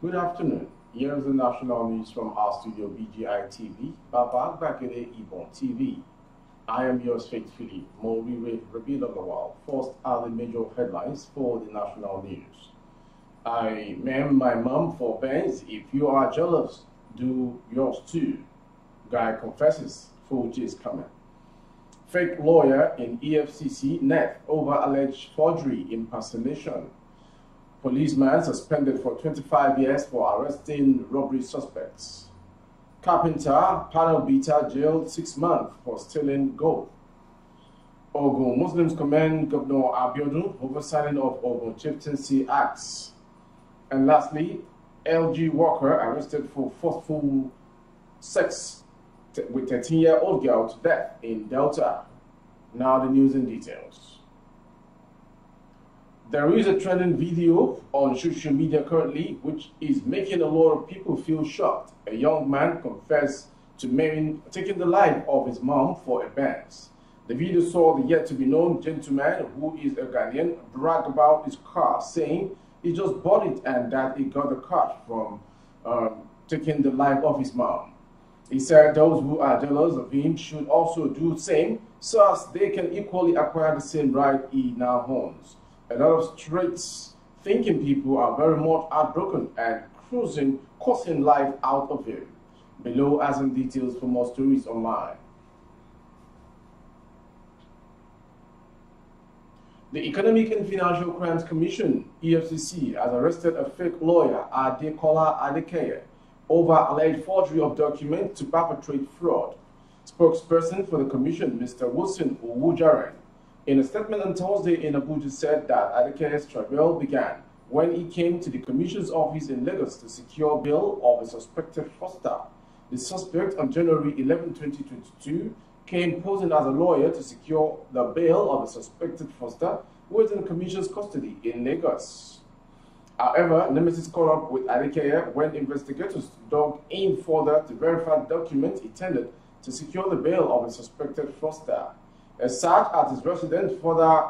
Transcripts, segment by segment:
Good afternoon. Here's the national news from our studio BGI TV, Baba Bakere Ibon TV. I am yours faithfully, Mori Rabi Lagawal. First are the major headlines for the national news. I ma'am my mom for Benz. If you are jealous, do yours too. Guy confesses, Fuji is coming. Fake lawyer in EFCC net over alleged forgery impersonation Policeman suspended for 25 years for arresting robbery suspects. Carpenter, panel beater, jailed six months for stealing gold. Ogun Muslims commend Governor Abiodun over signing of Ogun Chieftaincy Acts. And lastly, LG Walker arrested for forceful sex with 13-year-old girl to death in Delta. Now the news in details. There is a trending video on social media currently which is making a lot of people feel shocked. A young man confessed to taking the life of his mom for a advance. The video saw the yet to be known gentleman who is a Ghanaian brag about his car, saying he just bought it and that he got the car from um, taking the life of his mom. He said those who are jealous of him should also do the same, so as they can equally acquire the same right he now owns. A lot of straight thinking people are very much heartbroken and cruising, causing life out of here. Below are some details for more stories online. The Economic and Financial Crimes Commission, EFCC, has arrested a fake lawyer, Adekola Adekeye, over alleged forgery of documents to perpetrate fraud. Spokesperson for the commission, Mr. Wilson Owujaren, in a statement on Thursday in Abuja said that Adeke's trial began when he came to the commission's office in Lagos to secure bail of a suspected foster. The suspect on January 11, 2022 came posing as a lawyer to secure the bail of a suspected foster who was in the commission's custody in Lagos. However, Nemesis caught up with Adekeye when investigators dug in further to verify documents intended to secure the bail of a suspected foster. As such, at his residence, further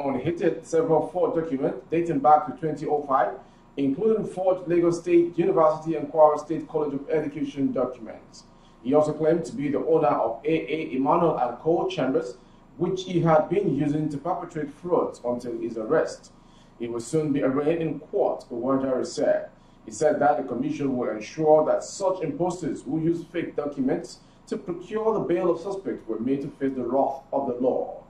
unheated several forged documents dating back to 2005, including forged Lagos State University and Kwara State College of Education documents. He also claimed to be the owner of AA Emmanuel and Co. Chambers, which he had been using to perpetrate frauds until his arrest. He will soon be arraigned in court, Owajari said. He said that the commission will ensure that such imposters who use fake documents to procure the bail of suspects were made to face the wrath of the law.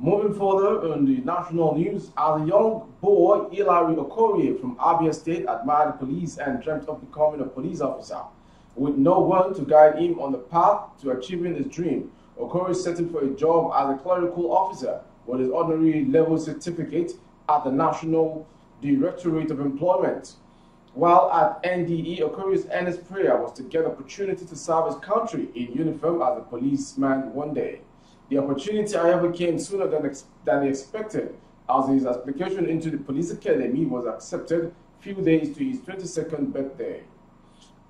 Moving further on the national news, as a young boy, Hilary Okorie from Abia State admired police and dreamt of becoming a police officer. With no one to guide him on the path to achieving his dream, Okorie settled for a job as a clerical officer with his honorary level certificate at the National Directorate of Employment. While at NDE, Okori's earnest prayer was to get opportunity to serve his country in uniform as a policeman one day. The opportunity, however, came sooner than, ex than expected, as his application into the police academy was accepted few days to his 22nd birthday.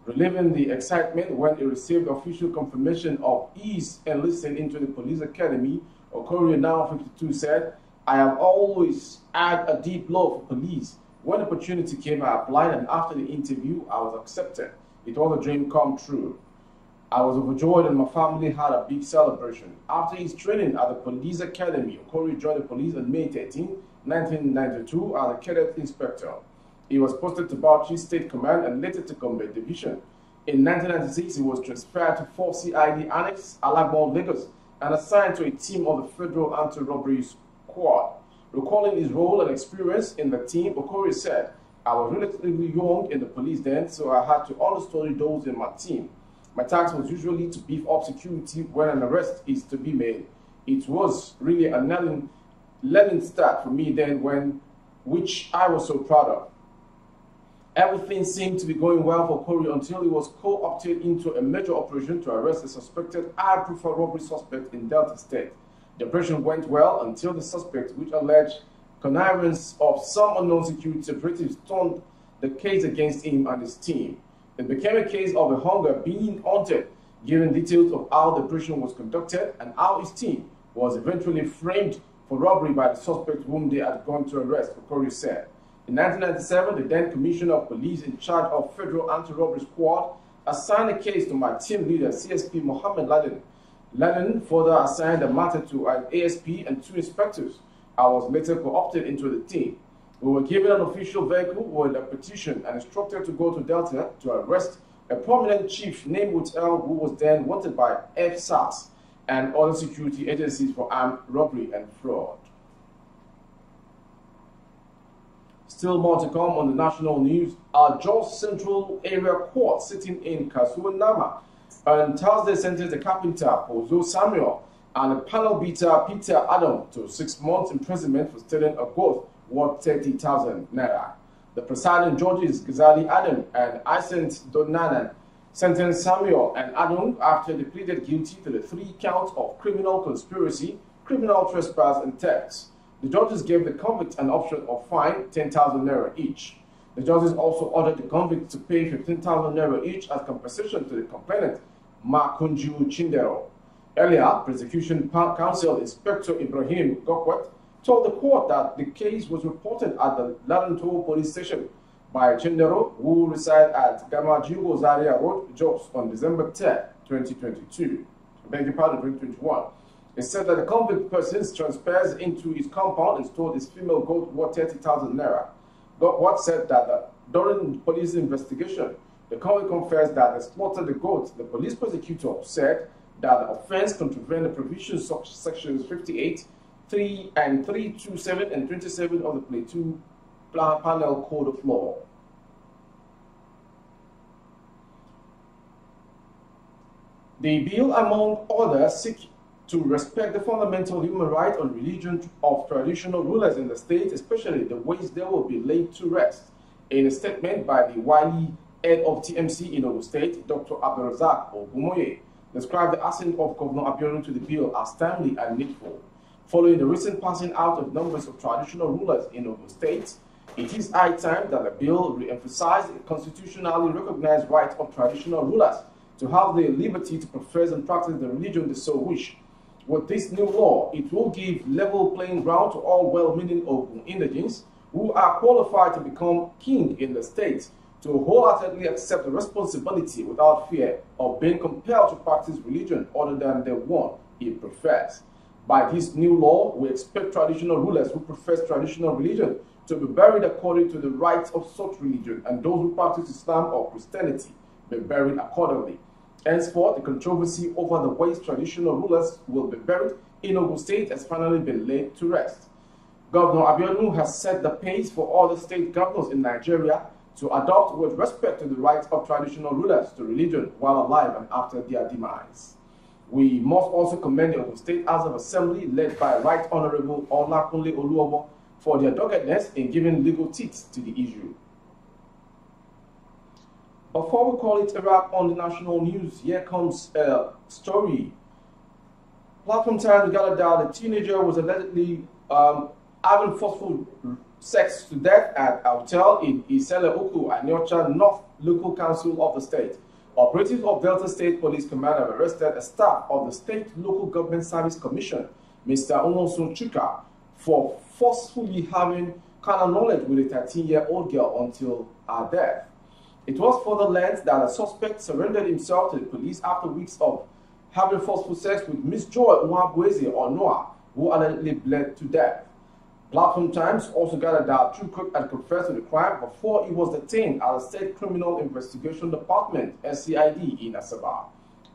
Reliving the excitement when he received official confirmation of his enlisting into the police academy, Okori, now 52, said, I have always had a deep love for police when opportunity came, I applied, and after the interview, I was accepted. It was a dream come true. I was overjoyed, and my family had a big celebration. After his training at the police academy, Okori joined the police on May 13, 1992, as a cadet inspector. He was posted to Bauchi State Command and later to Combat Division. In 1996, he was transferred to 4 CID Annex, Alagmon, Lagos, and assigned to a team of the Federal Anti-Robbery Squad. Recalling his role and experience in the team, Okori said, I was relatively young in the police then, so I had to always story those in my team. My task was usually to beef up security when an arrest is to be made. It was really a learning, learning start for me then, when, which I was so proud of. Everything seemed to be going well for Corey until he was co-opted into a major operation to arrest a suspected high-profile robbery suspect in Delta State. The operation went well until the suspect, which alleged connivance of some unknown security operatives, turned the case against him and his team. It became a case of a hunger being haunted, giving details of how the operation was conducted and how his team was eventually framed for robbery by the suspect whom they had gone to arrest, Okori said. In 1997, the then Commissioner of Police in charge of Federal Anti-Robbery Squad assigned a case to my team leader, CSP Mohammed Laden, Lennon further assigned the matter to an ASP and two inspectors. I was later co-opted into the team. We were given an official vehicle with a petition and instructed to go to Delta to arrest a prominent chief named Woodell who was then wanted by FSAS and other security agencies for armed robbery and fraud. Still more to come on the national news. Our Jos Central Area Court sitting in Kasuanama on Thursday, sentenced the carpenter Ozo Samuel and panel beater Peter Adam to six months imprisonment for stealing a goat worth 30,000 naira. The presiding judges Ghazali Adam and Isent Donanan sentenced Samuel and Adam after they pleaded guilty to the three counts of criminal conspiracy, criminal trespass, and theft. The judges gave the convict an option of fine 10,000 naira each. The judges also ordered the convicts to pay 15,000 naira each as compensation to the complainant Makunju Chindero. Earlier, prosecution counsel Inspector Ibrahim Gokwet told the court that the case was reported at the Laranto police station by Chindero, who resides at Gamajugo Zaria Road, Jobs, on December 10, 2022. Beg your pardon, 2021. It said that the convict person transfers into his compound and stole his female goat worth 30,000 naira. Gokwet said that uh, during police investigation, the court confessed that they slaughtered the goat. The police prosecutor said that the offense contravened the provisions of sections 58, 3 and 327 and 27 of the Play 2 Panel Code of Law. The bill, among others, seeks to respect the fundamental human right on religion of traditional rulers in the state, especially the ways they will be laid to rest. In a statement by the Wali head of TMC in Ogun State, Dr. Abdulazak Ogumoye, described the ascent of Governor Abiodun to the bill as timely and needful. Following the recent passing out of numbers of traditional rulers in Ogun State, it is high time that the bill re-emphasized the constitutionally recognized right of traditional rulers to have the liberty to profess and practice the religion they so wish. With this new law, it will give level playing ground to all well-meaning Ogun indigents who are qualified to become king in the state to wholeheartedly accept the responsibility without fear of being compelled to practice religion other than the one he professes. By this new law, we expect traditional rulers who profess traditional religion to be buried according to the rites of such religion, and those who practice Islam or Christianity be buried accordingly. Henceforth, the controversy over the ways traditional rulers will be buried in Ogun State has finally been laid to rest. Governor Abiodun has set the pace for all the state governors in Nigeria to adopt with respect to the rights of traditional rulers to religion while alive and after their demise. We must also commend the State House of Assembly led by Right Honorable Olakunle Oluomo for their doggedness in giving legal teeth to the issue. Before we call it a wrap on the national news, here comes a story. Platform Times gathered that a teenager was allegedly um, having forceful sex to death at hotel in Iseleuku, Aniocha North Local Council of the state. Operatives of Delta State Police Command have arrested a staff of the State Local Government Service Commission, Mr. Onwonso Chuka, for forcefully having carnal knowledge with a 13-year-old girl until her death. It was further learned that a suspect surrendered himself to the police after weeks of having forceful sex with Miss Joy Nwabweze or Noah, who allegedly bled to death. Platform Times also gathered that Chukuk had confessed to the crime before he was detained at the State Criminal Investigation Department (SCID) in Asaba.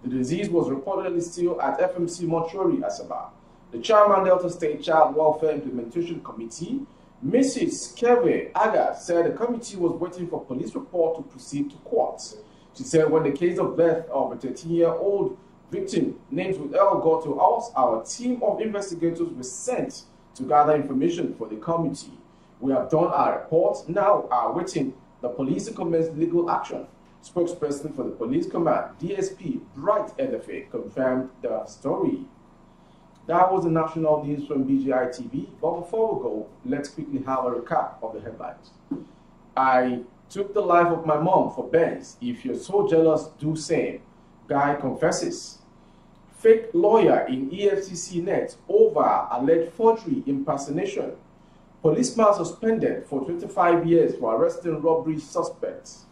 The disease was reportedly still at FMC Mortuary Asaba. The chairman Delta State Child Welfare Implementation Committee, Mrs. Keve Aga, said the committee was waiting for police report to proceed to court. She said when the case of death of a 13-year-old victim named Withel got to us, our team of investigators was sent to gather information for the committee. We have done our report, now are waiting the police to commence legal action. Spokesperson for the police command, DSP Bright LFA, confirmed the story. That was the national news from BGI TV. But before we go, let's quickly have a recap of the headlines. I took the life of my mom for Benz. If you're so jealous, do same. Guy confesses fake lawyer in EFCC net over alleged forgery impersonation. Policeman suspended for 25 years for arresting robbery suspects.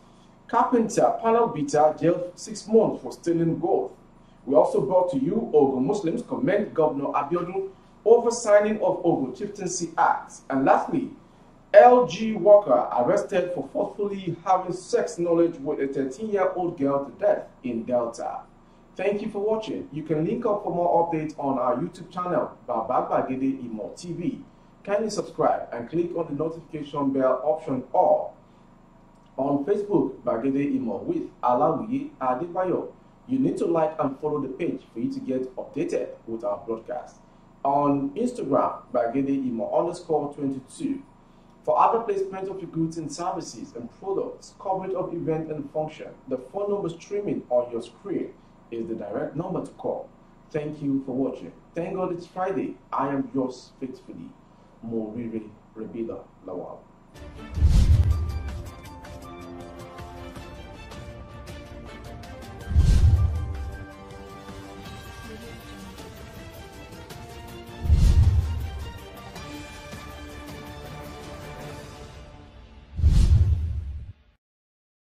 Carpenter, panel beater, jailed six months for stealing gold. We also brought to you Ogun Muslims commend Governor Abiodun over signing of Ogun Chieftaincy Act. And lastly, L.G. Walker arrested for forcefully having sex knowledge with a 13-year-old girl to death in Delta. Thank you for watching. You can link up for more updates on our YouTube channel, Baba Gede Imo TV. Kindly subscribe and click on the notification bell option Or On Facebook, Bagede Imo with Alawiye Adebayo. You need to like and follow the page for you to get updated with our broadcast. On Instagram, Bagede Imo underscore 22. For other placements of your goods and services and products, coverage of event and function, the phone number streaming on your screen is the direct number to call. Thank you for watching. Thank God it's Friday. I am yours faithfully, Moriri Rebida Lawal.